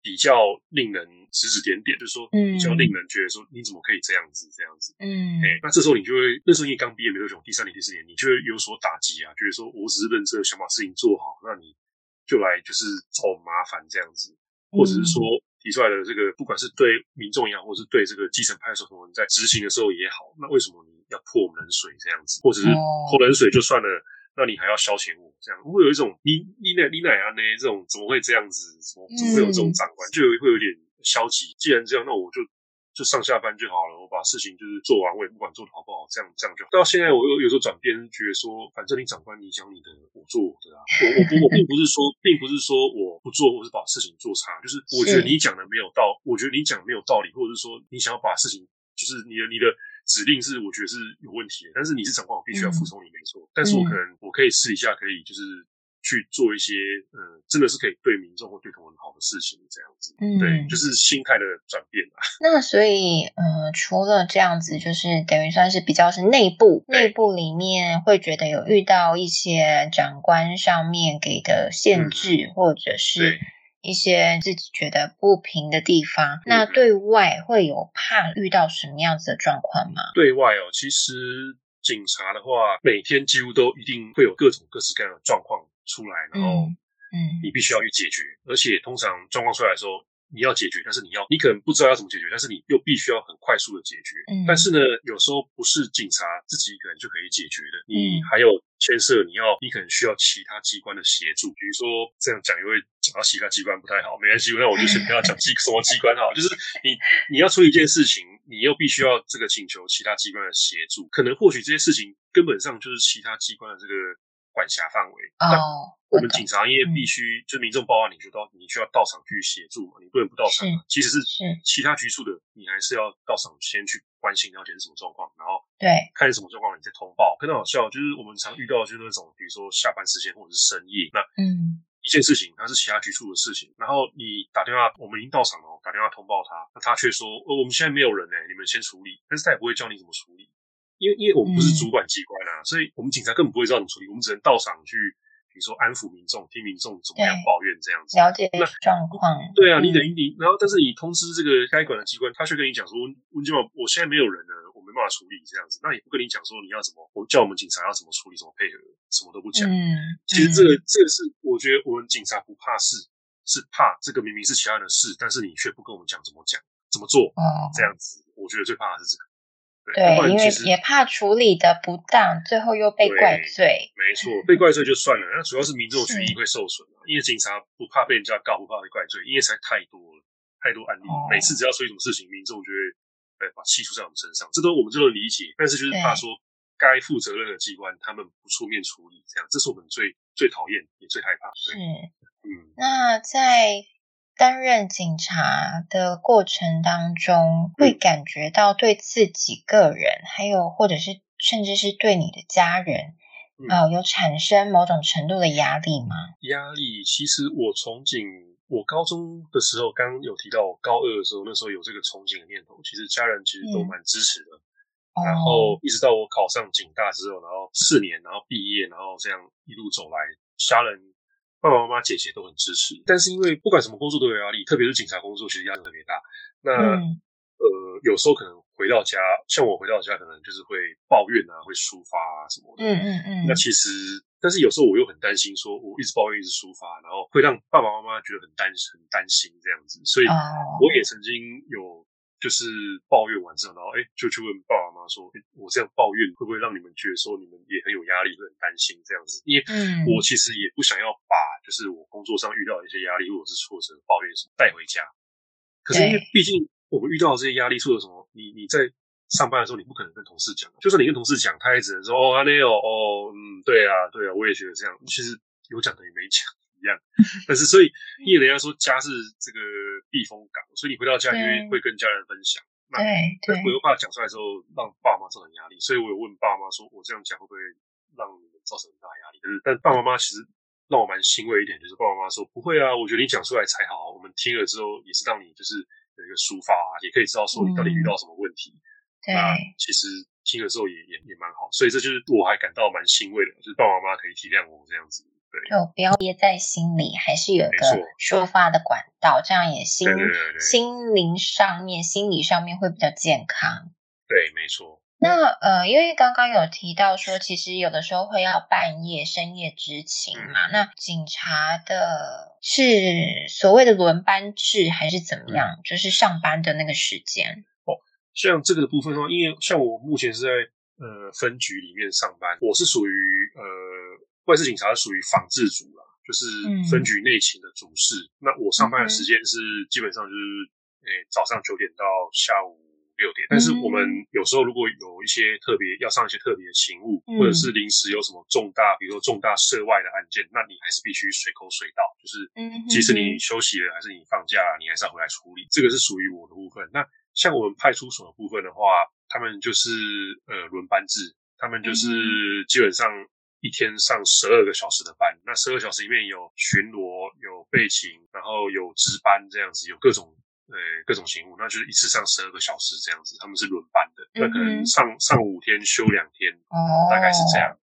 比較令人指指點點，就是說，比較令人覺得說，你怎麼可以這樣子，這樣子，嗯，哎、欸，那這時候你就會，那時候你剛畢業沒多久，第三年、第四年，你就會有所打擊啊，覺得說我只是認真的想把事情做好，那你就來就是找我麻煩這樣子，或者是說提出來的這個，不管是對民眾也好，或是對這個基層派出所，你在執行的時候也好，那為什麼你要潑冷水這樣子，或者是潑冷水就算了。哦那你還要消遣我這樣，會有一種你你奶你奶啊呢這種，怎麼會這樣子？怎麼怎麼會有這種長官？嗯、就會會有點消極。既然這樣，那我就就上下班就好了。我把事情就是做完，我也不管做得好不好，這樣這樣就好。到現在我有有時候轉變，覺得說，反正你長官你想你的，我做我的啊，我我我並不是說， [laughs] 並不是說我不做，或是把事情做差，就是我覺得你講的沒有道，我覺得你講的沒有道理，或者是說你想要把事情就是你的你的。指令是，我覺得是有問題的，但是你是長官，我必須要服從你沒錯，沒、嗯、錯。但是我可能我可以試一下，可以就是去做一些、嗯，呃，真的是可以對民眾或對同仁好的事情這樣子。嗯、對，就是心態的轉變吧。那所以，呃，除了這樣子，就是等於算是比較是內部，內部裡面會覺得有遇到一些長官上面給的限制，嗯、或者是。對一些自己覺得不平的地方，那對外會有怕遇到什麼樣子的狀況嗎？對外哦、喔，其實警察的話，每天幾乎都一定會有各種各式各樣的狀況出來，然後，你必須要去解決，嗯嗯、而且通常狀況出來的時候，你要解決，但是你要，你可能不知道要怎麼解決，但是你又必須要很快速的解決。嗯。但是呢，有時候不是警察自己可能就可以解決的。嗯。你還有牽涉，你要，你可能需要其他機關的協助。比如說這樣講，因為講到其他機關不太好，沒關係，那我就先不要講機什麼機關好， [laughs] 就是你你要出一件事情，你又必須要這個請求其他機關的協助，可能或許這些事情根本上就是其他機關的這個。管轄範圍，但、oh，我們警察因為必須，必須、嗯、就民眾報案，你就到你需要到場去協助嘛，你不能不到場嘛。即使是其他局處的，你還是要到場先去關心了解是什麼狀況，然後對，看是什麼狀況，你再通報。很好笑，就是我們常遇到就是那種，比如說下班時間或者是深夜，那嗯一件事情，他是其他局處的事情，然後你打電話，我們已經到場了，打電話通報他，那他卻說，呃、哦，我們現在沒有人呢、欸，你們先處理，但是他也不會教你怎麼處理。因為因為我們不是主管機關啊、嗯，所以我們警察根本不會知道怎麼處理，我們只能到場去，比如說安撫民眾，聽民眾怎麼樣抱怨這樣子。了解那狀況。對啊，你等於你、嗯，然後但是你通知這個該管的機關，他卻跟你講說溫金寶，我現在沒有人了，我沒辦法處理這樣子。那也不跟你講說你要怎麼，我叫我們警察要怎麼處理，怎麼配合，什麼都不講。嗯，其實這個這個是我覺得我們警察不怕事，是怕這個明明是其他的事，但是你卻不跟我們講怎麼講怎麼做啊、哦、這樣子，我覺得最怕的是這個。對，因為也怕處理的不當，最後又被怪罪。沒錯，被怪罪就算了，那、嗯、主要是民眾權益會受損，因為警察不怕被人家告，不怕被怪罪，因為實在太多了，太多案例，哦、每次只要出一種事情，民眾就會把氣出在我們身上，這都我們都能理解。但是就是怕說該負責任的機關，他們不出面處理，這樣這是我們最最討厭也最害怕，對。是，嗯，那在。擔任警察的過程當中，會感覺到對自己個人，嗯、還有或者是甚至是對你的家人，啊、嗯呃，有產生某種程度的壓力嗎？壓力，其實我從警，我高中的時候，剛有提到我高二的時候，那時候有這個從警的念頭，其實家人其實都蠻支持的、嗯。然後一直到我考上警大之後，然後四年，然後畢業，然後這樣一路走來，家人。爸爸媽媽、姐姐都很支持，但是因為不管什麼工作都有壓力，特別是警察工作，其實壓力特別大。那、嗯、呃，有時候可能回到家，像我回到家，可能就是會抱怨啊，會抒發啊什麼的。嗯嗯嗯。那其實，但是有時候我又很擔心，說我一直抱怨、一直抒發，然後會讓爸爸媽媽覺得很擔心、很擔心這樣子。所以，我也曾經有。就是抱怨完之後，然後哎、欸，就去問爸爸媽媽說：“我這樣抱怨會不會讓你們覺得說你們也很有壓力，會很擔心這樣子？”因為我其實也不想要把就是我工作上遇到的一些壓力或者是挫折抱怨什麼帶回家。可是因為畢竟我們遇到的這些壓力，或者什麼，你你在上班的時候，你不可能跟同事講。就算你跟同事講，他也只能說：“哦，阿 l e 哦，嗯，對啊，對啊，我也覺得這樣。”其實有講的也沒講一樣。但是所以因為人家說家是這個。避風港，所以你回到家就會跟家人分享。對，對，我又怕講出來之後讓爸媽造成壓力，所以我有問爸媽說：“我這樣講會不會讓你們造成很大壓力？”但是，但爸爸媽媽其實讓我蠻欣慰一點，就是爸爸媽媽說：“不會啊，我覺得你講出來才好，我們聽了之後也是讓你就是有一個抒發啊，也可以知道說你到底遇到什麼問題。”嗯，那，對，其實聽了之後也也也蠻好，所以這就是我還感到蠻欣慰的，就是爸爸媽媽可以體諒我這樣子。就不要憋在心裡，嗯、還是有個抒發的管道，這樣也心對對對對，心靈上面、心理上面會比較健康。對，沒錯。那呃，因為剛剛有提到說，其實有的時候會要半夜、深夜執勤嘛、嗯。那警察的是所謂的輪班制，還是怎麼樣、嗯？就是上班的那個時間。哦，像這個部分的話，因為像我目前是在呃分局裡面上班，我是屬於呃。外事警察屬於防治組啦，就是分局內勤的組室、嗯。那我上班的時間是基本上就是誒、okay. 欸、早上九點到下午六點、嗯。但是我們有時候如果有一些特別要上一些特別的勤務，嗯、或者是臨時有什麼重大，比如說重大涉外的案件，那你還是必須隨叫隨到，就是即使你休息了，還是你放假，你還是要回來處理。這個是屬於我的部分。那像我們派出所的部分的話，他們就是呃輪班制，他們就是基本上。嗯一天上十二個小時的班，那十二小時裡面有巡邏、有備勤，然後有值班這樣子，有各種呃各種勤務，那就是一次上十二個小時這樣子，他們是輪班的，那可能上上五天休兩天，天 mm -hmm. 大概是這樣。Oh.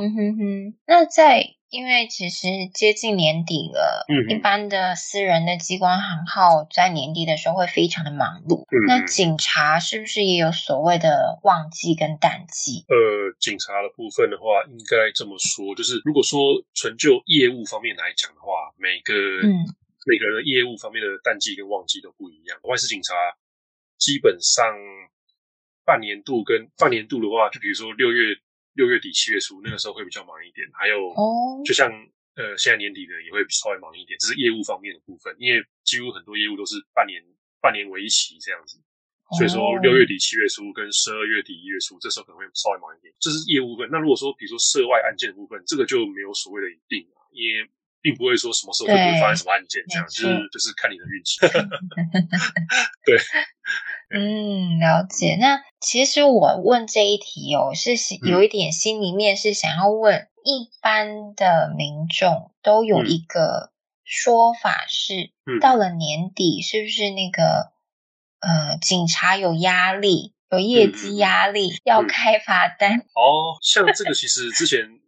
嗯哼哼，那在，因為其實接近年底了，嗯、一般的私人的機關行號在年底的時候會非常的忙碌。嗯、那警察是不是也有所謂的旺季跟淡季？呃，警察的部分的話，應該這麼說，就是如果說純就業務方面來講的話，每個嗯每個人的業務方面的淡季跟旺季都不一樣。外事警察基本上半年度跟半年度的話，就比如說六月。六月底七月初那個時候會比較忙一點，還有就像呃現在年底的也會稍微忙一點，這、oh. 是業務方面的部分，因為幾乎很多業務都是半年半年為一期這樣子，oh. 所以說六月底七月初跟十二月底一月初這時候可能會稍微忙一點，這是業務部分。那如果說比如說涉外案件的部分，這個就沒有所謂的一定啊，也並不會說什麼時候會不會發生什麼案件，這樣是就是就是看你的運氣， [laughs] [laughs] [laughs] 對。嗯，了解。那其實我問這一題哦，是有一點心裡面是想要問，嗯、一般的民眾都有一個說法是、嗯，到了年底是不是那個呃，警察有壓力，有業績壓力、嗯，要開罰單、嗯嗯。哦，像這個其實之前。 [laughs]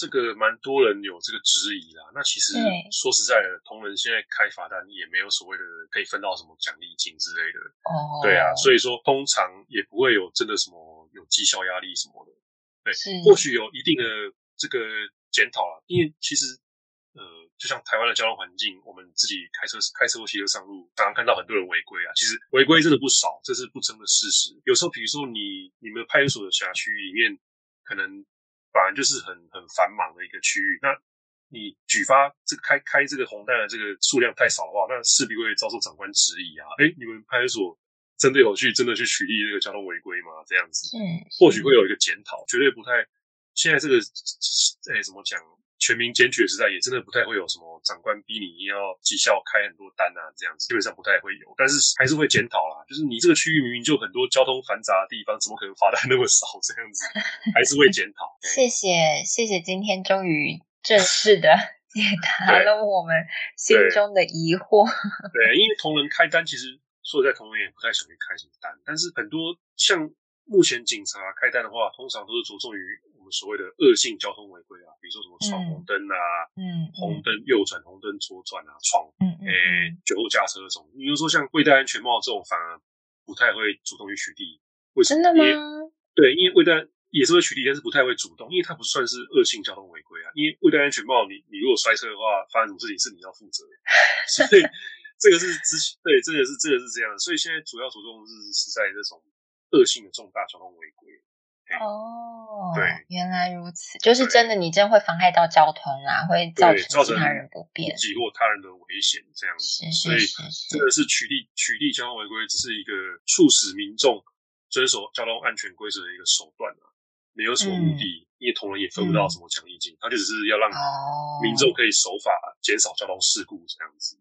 這個蠻多人有這個質疑啦，那其實說實在的，同仁現在開罰單也沒有所謂的可以分到什麼獎勵金之類的，哦、oh.，對啊，所以說通常也不會有真的什麼有績效壓力什麼的，對，或許有一定的這個檢討啦，因為其實呃，就像台灣的交通環境，我們自己開車、開車或騎車上路，常常看到很多人違規啊，其實違規真的不少，這是不爭的事實。有時候，比如說你你們派出所的轄區裡面，可能。反而就是很很繁忙的一個區域。那你舉發這個開開這個紅燈的這個數量太少的話，那勢必會遭受長官質疑啊！誒、欸，你們派出所真的有去真的去取締這個交通違規嗎？這樣子，嗯。或許會有一個檢討，絕對不太。現在這個，誒、欸，怎麼講啊？全民檢舉的時代也真的不太會有什麼長官逼你一定要績效開很多單啊，這樣子基本上不太會有，但是還是會檢討啦。就是你這個區域明明就很多交通繁雜的地方，怎麼可能發單那麼少這樣子？還是會檢討、 [laughs] 嗯。謝謝謝謝，今天終於正式的解答了我們心中的疑惑。 [laughs] 對、對、對，因為同仁開單其實說實在，同仁也不太想去開什麼單，但是很多像。目前警察開單的話，通常都是着重於我們所謂的惡性交通違規啊，比如說什麼闖紅燈啊，嗯，嗯嗯，紅燈右轉、紅燈左轉啊，闖，誒嗯，酒、嗯欸嗯嗯、後駕車這種。比如說像未戴安全帽這種，反而不太會主動去取締。為什麼？真的嗎？對，因為未戴也是會取締，但是不太會主動，因為它不算是惡性交通違規啊。因為未戴安全帽你，你你如果摔車的話，發生什麼事情是你要負責。 [laughs] 所以這個是之前對，這個是這個是這樣的。所以現在主要着重的是是在這種。惡性的重大交通違規哦，對、欸，原來如此，就是真的，你真的會妨害到交通啊，會造成他人不便，擠落他人的危險這樣子是是是是是，所以這個是取締取締交通違規，只是一個促使民眾遵守交通安全規則的一個手段啊，沒有什麼目的，嗯、因為同仁也分不到什麼獎勵金，他、嗯、就只是要讓民眾可以守法，減、哦、少交通事故這樣子。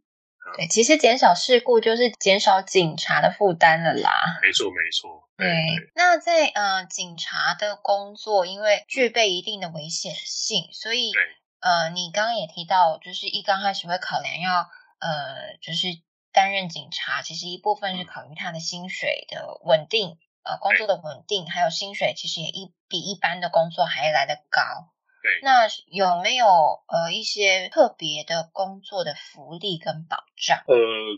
對，其實減少事故就是減少警察的負擔了啦。沒錯，沒錯。對，對，那在呃警察的工作，因為具備一定的危險性，所以呃，你剛剛也提到，就是一剛開始會考量要呃，就是擔任警察，其實一部分是考慮他的薪水的穩定，嗯、呃，工作的穩定，還有薪水其實也一比一般的工作還來得高。Okay. 那有沒有呃一些特別的工作的福利跟保障？呃，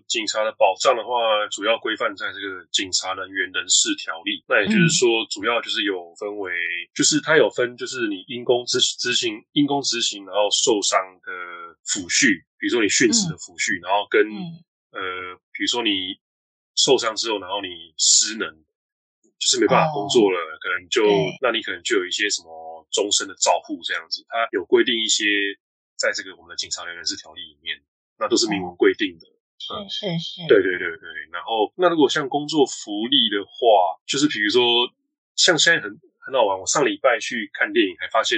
警察的保障的話，主要規範在這個《警察人員人事條例》，那也就是說，主要就是有分為，嗯、就是它有分，就是你因公執執行因公執行然後受傷的撫恤，比如說你殉職的撫恤、嗯，然後跟、嗯、呃，比如說你受傷之後，然後你失能。就是沒辦法工作了，哦、可能就那你可能就有一些什麼終身的照護這樣子，他有規定一些在這個我們的警察人員人事條例裡面，那都是明文規定的、嗯嗯。是是是，對對對對。然後，那如果像工作福利的話，就是比如說像現在很很好玩，我上禮拜去看電影，還發現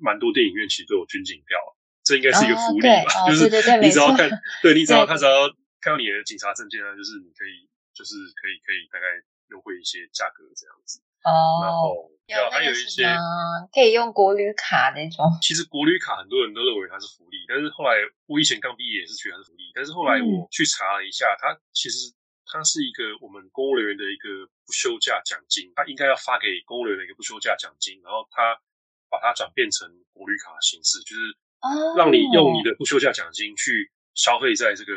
蠻多電影院其實都有軍警票，這應該是一個福利吧？哦 okay, 哦、 [laughs] 就是你只要看，對你只要看，只要看到你的警察證件啊，就是你可以，就是可以可以大概。優惠一些價格這樣子哦，oh, 然後還有還有一些可以用國旅卡那種。其實國旅卡很多人都認為它是福利，但是後來我以前剛畢業也是覺得它是福利，但是後來我去查了一下，嗯、它其實它是一個我們公務人員的一個不休假獎金，它應該要發給公務人員一個不休假獎金，然後它把它轉變成國旅卡的形式，就是讓你用你的不休假獎金去消費在這個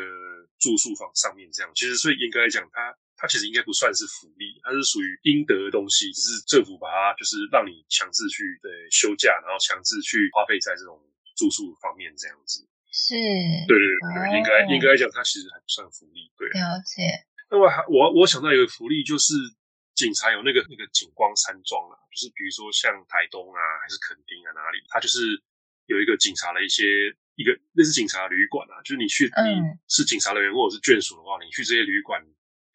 住宿房上面這樣。其實所以嚴格來講，它。它其實應該不算是福利，它是屬於應得的東西，只是政府把它就是讓你強制去的休假，然後強制去花費在這種住宿方面這樣子。是，對對對，應該應該來講，它其實還不算福利。對、啊，了解。那麼還我我，我想到一個福利，就是警察有那個那個警光山莊啊，就是比如說像台東啊，還是墾丁啊，哪裡，它就是有一個警察的一些一個那是警察的旅館啊，就是你去、嗯、你是警察人員或者是眷屬的話，你去這些旅館。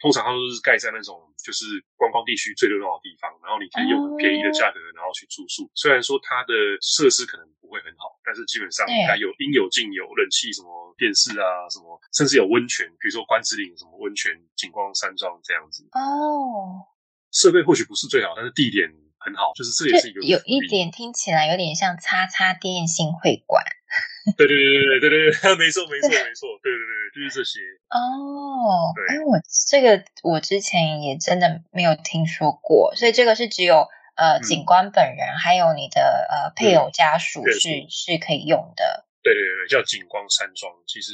通常它都是蓋在那種就是觀光地區最熱鬧的地方，然後你可以用很便宜的價格然後去住宿。嗯、雖然說它的設施可能不會很好，但是基本上應該有應有盡有，冷氣、什麼電視啊，什麼甚至有溫泉，比如說關子嶺什麼溫泉景光山莊這樣子。哦，設備或許不是最好，但是地點很好，就是這也是一個有一點聽起來有點像叉叉電信會館。 [laughs] 對對對對對，對，對沒錯沒錯 [laughs] 沒錯，對對對，就是這些哦、oh,。因為我這個我之前也真的沒有聽說過，所以這個是只有呃、嗯、警官本人還有你的呃配偶家屬是是，是可以用的。對對對，叫警光山莊，其實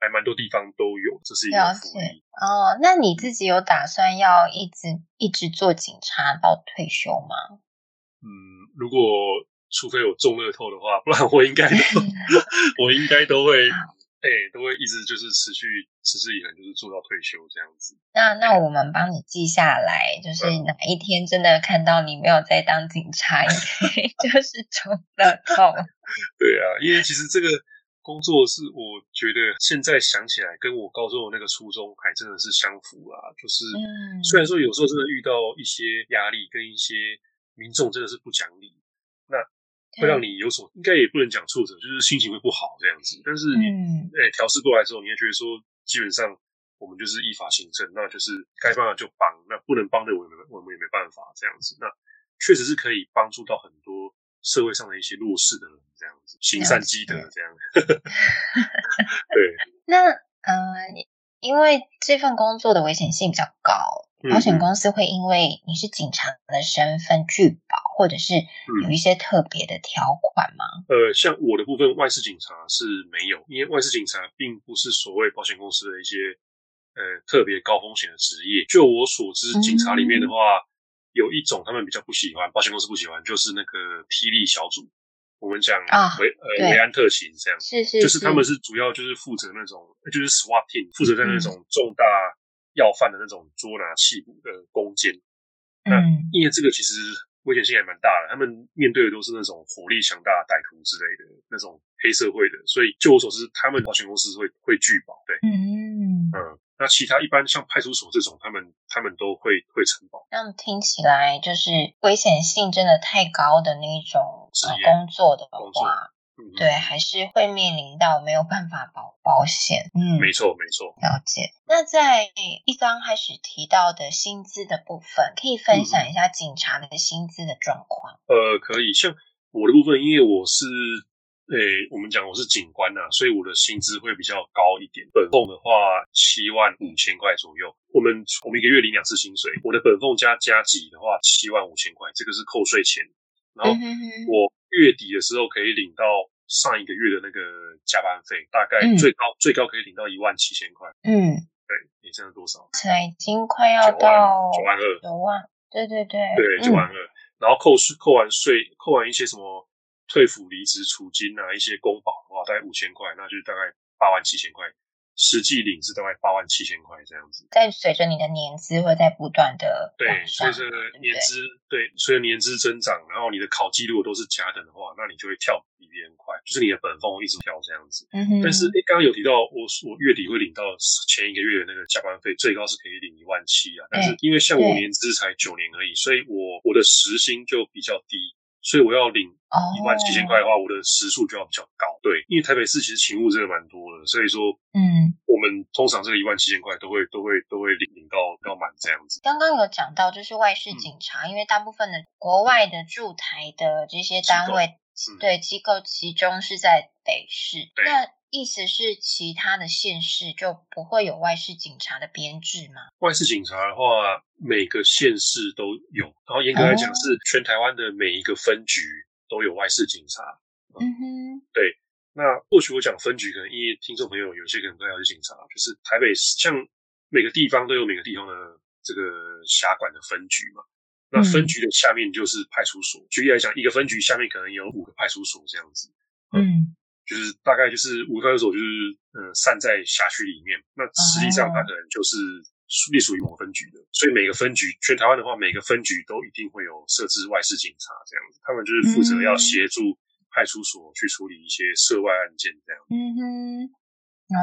還蠻多地方都有，這是一個福利哦。 [laughs] oh, 那你自己有打算要一直一直做警察到退休嗎？嗯，如果。除非我中樂透的話，不然我應該都， [laughs] 我應該都會，哎、欸，都會一直就是持續持之以恆，就是做到退休這樣子。那那我們幫你記下來、嗯，就是哪一天真的看到你沒有在當警察，就是中樂透。 [laughs] 對啊，因為其實這個工作是我覺得現在想起來，跟我高中的那個初衷還真的是相符啊。就是、嗯、雖然說有時候真的遇到一些壓力，跟一些民眾真的是不講理。會讓你有所，應該也不能講挫折，就是心情會不好這樣子。但是你，誒、嗯欸、調試過來之後，你會覺得說，基本上我們就是依法行政，那就是該幫的就幫，那不能幫的我們我們也沒辦法這樣子。那確實是可以幫助到很多社會上的一些弱勢的人這樣子，行善積德這樣。這樣子 [laughs] 對。 [laughs] 那呃，因為這份工作的危險性比較高。保險公司會因為你是警察的身份拒保，或者是有一些特別的條款嗎、嗯？呃，像我的部分，外事警察是沒有，因為外事警察並不是所謂保險公司的一些呃特別高風險的職業。就我所知，警察裡面的話，嗯嗯有一種他們比較不喜歡，保險公司不喜歡，就是那個霹靂小組，我們講維、哦、呃維安特勤這樣，是，是是，就是他們是主要就是負責那種，就是 SWAT team 負責在那種重大。要犯的那種捉拿緝捕的攻堅、嗯，那因為這個其實危險性也蠻大的。他們面對的都是那種火力強大的歹徒之類的那種黑社會的，所以就我所知，他們保險公司會會拒保。對嗯，嗯，那其他一般像派出所這種，他們他們都會會承保。那聽起來就是危險性真的太高的那種是工作的話。工作嗯、對，還是會面臨到沒有辦法保保險。嗯，沒錯沒錯。了解。那在一剛開始提到的薪資的部分，可以分享一下警察的薪資的狀況？嗯、呃，可以。像我的部分，因為我是誒、欸，我們講我是警官啊，所以我的薪資會比較高一點。本俸的話，七萬五千塊左右。我們我們一個月領兩次薪水。我的本俸加加給的話，七萬五千塊，這個是扣稅前。然後我。嗯哼哼月底的時候可以領到上一個月的那個加班費，大概最高、嗯、最高可以領到一萬七千塊。嗯，對，你現在多少？才已經快要到九萬二。九萬,九萬。對對對。對，九萬二，然後扣稅扣完稅，扣完一些什麼退撫離職、儲金吶、啊，一些公保的話，大概五千塊，那就大概八萬七千塊。實際領是大概八萬七千塊這樣子，在隨着你的年資會在不斷的對，隨着年資對、對，隨着年資增長，然後你的考績如果都是甲等的話，那你就會跳比別人快，就是你的本俸會一直跳這樣子。嗯、但是、欸，剛剛有提到我我月底會領到前一個月的那個加班費，最高是可以領一萬七啊。欸、但是因為像我年資才九年而已，所以我我的時薪就比較低。所以我要領一萬七千塊的話，oh. 我的時數就要比較高。對，因為台北市其實勤務真的蠻多的，所以說，嗯，我們通常這個一萬七千塊都會都會都會領領到到滿這樣子。剛剛有講到就是外事警察、嗯，因為大部分的國外的駐台的這些單位，對機構，嗯、機構其中是在北市對。那意思是其他的縣市就不會有外事警察的編制嗎？外事警察的話。每個縣市都有，然後嚴格來講是全台灣的每一個分局都有外事警察。嗯哼，對。那或許我講分局，可能因為聽眾朋友有些可能不了解警察，就是台北像每個地方都有每個地方的這個轄管的分局嘛，嗯。那分局的下面就是派出所。舉例來講，一個分局下面可能有五個派出所這樣子。嗯，嗯就是大概就是五個派出所就是嗯散在轄區裡面。那實際上它可能就是，嗯。隸屬於某分局的，所以每個分局，全台灣的話，每個分局都一定會有設置外事警察這樣子，他們就是負責要協助派出所去處理一些涉外案件這樣子。嗯哼，哦、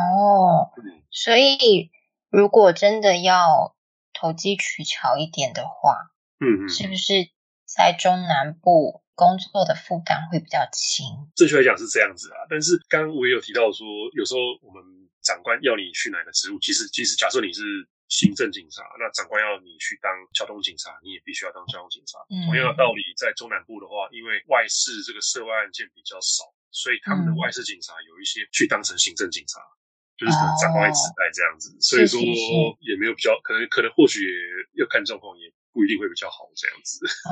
嗯，所以如果真的要投機取巧一點的話，嗯哼，是不是在中南部工作的負擔會比較輕？正確來講是這樣子啊，但是剛剛我也有提到說，有時候我們長官要你去哪個職務，其實其實假設你是。行政警察，那長官要你去當交通警察，你也必須要當交通警察。嗯。同樣的道理，在中南部的話，因為外事這個涉外案件比較少，所以他們的外事警察有一些去當成行政警察，嗯，就是可能長官指派這樣子。哦。所以說也沒有比較，可能可能或許要看狀況，也不一定會比較好這樣子。哦，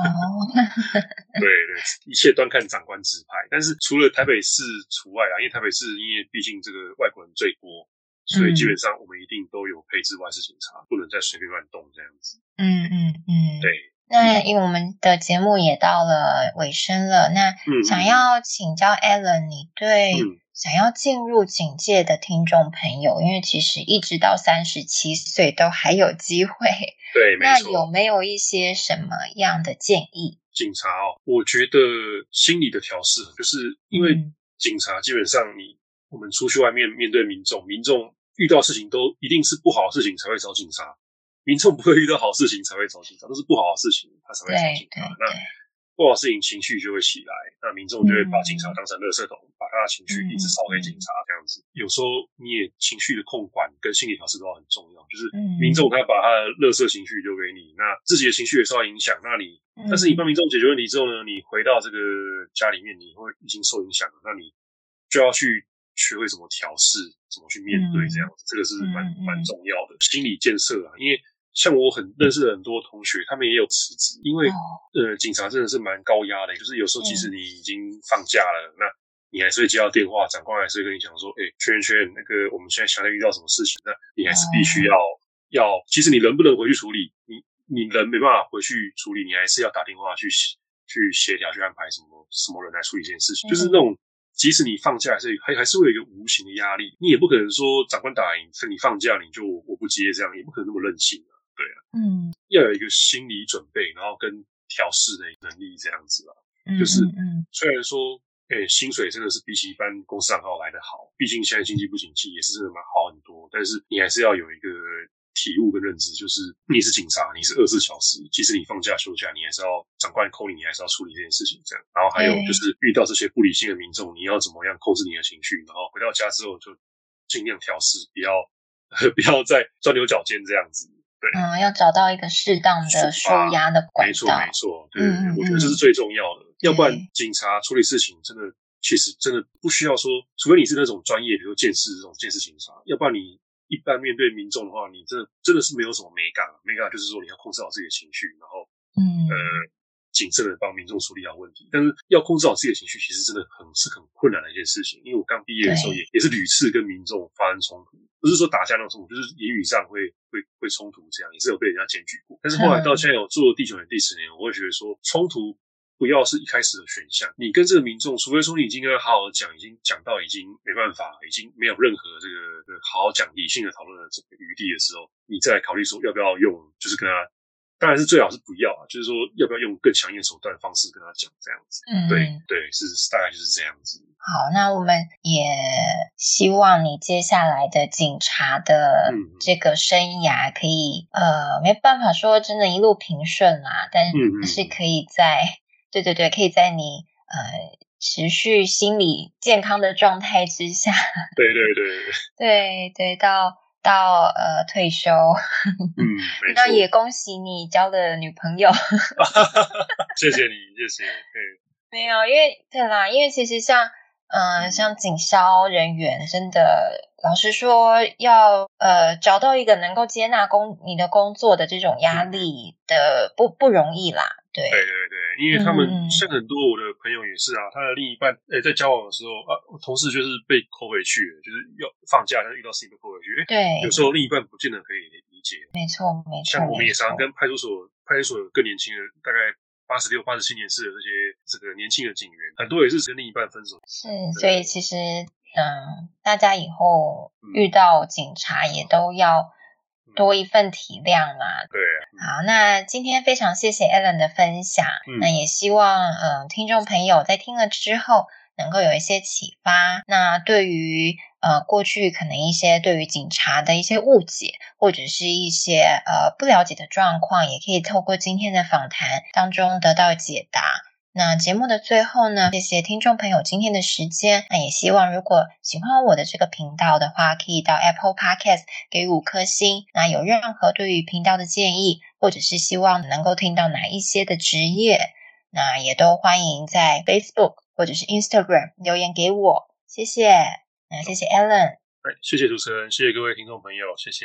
[laughs] 對，對對，一切端看長官指派。但是除了台北市除外啊，因為台北市因為畢竟這個外國人最多。所以基本上，我們一定都有配置外事警察、嗯，不能再隨便亂動這樣子。嗯嗯嗯，對。那因為我們的節目也到了尾聲了、嗯，那想要請教 Allen，你對想要進入警界的聽眾朋友、嗯，因為其實一直到三十七歲都還有機會。對，沒錯。那有沒有一些什麼樣的建議？警察，哦，我覺得心理的調適，就是因為警察基本上你、嗯、我們出去外面面對民眾，民眾。遇到事情都一定是不好的事情才會找警察，民眾不會遇到好事情才會找警察，都是不好的事情他才會找警察。Yeah, okay, okay. 那不好的事情情緒就會起來，那民眾就會把警察當成垃圾桶，mm -hmm. 把他的情緒一直掃給警察這樣子。Mm -hmm. 有時候你也情緒的控管跟心理調適都很重要，就是民眾他把他的垃圾情緒留給你，那自己的情緒也受到影響。那你、mm -hmm. 但是你幫民眾解決問題之後呢，你回到這個家裡面，你會已經受影響了，那你就要去。學會怎麼調試，怎麼去面對這樣子，這個是蠻蠻、嗯嗯、重要的心理建設啊。因為像我很認識了很多同學，他們也有辭職，因為、哦、呃，警察真的是蠻高壓的。就是有時候其實你已經放假了、嗯，那你還是會接到電話，長官還是會跟你講說：“誒、欸、圈圈，那個我們現在想要遇到什麼事情。”那你還是必須要、嗯、要。其實你能不能回去處理？你你人沒辦法回去處理，你還是要打電話去去協調、去安排什麼什麼人來處理這件事情，嗯、就是那種。即使你放假還是，是還還是會有一個無形的壓力。你也不可能說長官打贏，讓你放假，你就我不接這樣，也不可能那麼任性啊，對啊，嗯，要有一個心理準備，然後跟調適的能力這樣子啊，嗯嗯嗯，就是雖然說，誒、欸、薪水真的是比起一般公司行號來得好，畢竟現在經濟不景氣，也是真的蠻好很多，但是你還是要有一個。體悟跟認知，就是你是警察，你是二十四小時，即使你放假休假，你還是要長官扣你，你還是要處理這件事情。這樣，然後還有就是遇到這些不理性的民眾，你要怎麼樣控制你的情緒？然後回到家之後，就盡量調適，不要不要再鑽牛角尖，這樣子。對，嗯，要找到一個適當的舒壓的管道，沒錯，沒錯。對，嗯，我覺得這是最重要的。嗯，要不然，警察處理事情，真的，其實真的不需要說，除非你是那種專業的，比如說鑑識這種鑑識警察，要不然你。一般面對民眾的話，你真的，真的是沒有什麼美感。美感就是說你要控制好自己的情緒，然後，嗯，呃，謹慎的幫民眾處理好問題。但是要控制好自己的情緒，其實真的很是很困難的一件事情，因為我剛畢業的時候，也也是屢次跟民眾發生衝突，嗯、不是說打架那種衝突，就是言語上會會會衝突這樣，也是有被人家檢舉過。但是後來到現在，我做了第九年、第十年，我會覺得說衝突。不要是一開始的選項，你跟這個民眾，除非說你已經跟他好好講，已經講到已經沒辦法，已經沒有任何這個，對，好好講理性的討論的這個餘地的時候，你再來考慮說要不要用，就是跟他，當然是最好是不要啊，就是說要不要用更強硬的手段的方式跟他講這樣子。嗯、對對，是大概就是這樣子。好，那我們也希望你接下來的警察的這個生涯可以，嗯、呃，沒辦法說真的一路平順啦，但是是可以在。對對對，可以在你呃持續心理健康的狀態之下。對對對。對對，到到呃退休。嗯，那也恭喜你交了女朋友。啊、謝謝你，謝謝你。對沒有，因為對啦，因為其實像嗯、呃，像警消人員，真的老實說要，要呃找到一個能夠接納工你的工作的這種壓力的，嗯、不不容易啦。對對對，因為他們、嗯、像很多我的朋友也是啊，他的另一半誒、欸、在交往的時候啊，同事就是被扣回去就是要放假，他遇到事情被扣回去，欸，對有時候另一半不見得可以理解，沒錯沒錯。像我們也常,常跟派出所派出所更年輕的，大概八十六八十七年次的這些這個年輕的警員，很多也是跟另一半分手。是，所以其實嗯，大家以後遇到警察也都要、嗯。多一份體諒嘛。對，好，那今天非常謝謝 Alan 的分享。那也希望嗯、呃，聽眾朋友在聽了之後，能夠有一些啟發。那對於呃過去可能一些對於警察的一些誤解，或者是一些呃不了解的狀況，也可以透過今天的訪談當中得到解答。那節目的最後呢，謝謝聽眾朋友今天的時間。那也希望如果喜歡我的這個頻道的話，可以到 Apple Podcast 給五顆星。那有任何對於頻道的建議，或者是希望能夠聽到哪一些的職業，那也都歡迎在 Facebook 或者是 Instagram 留言給我。謝謝，那謝謝 Ellen 哎，謝謝主持人，謝謝各位聽眾朋友，謝謝。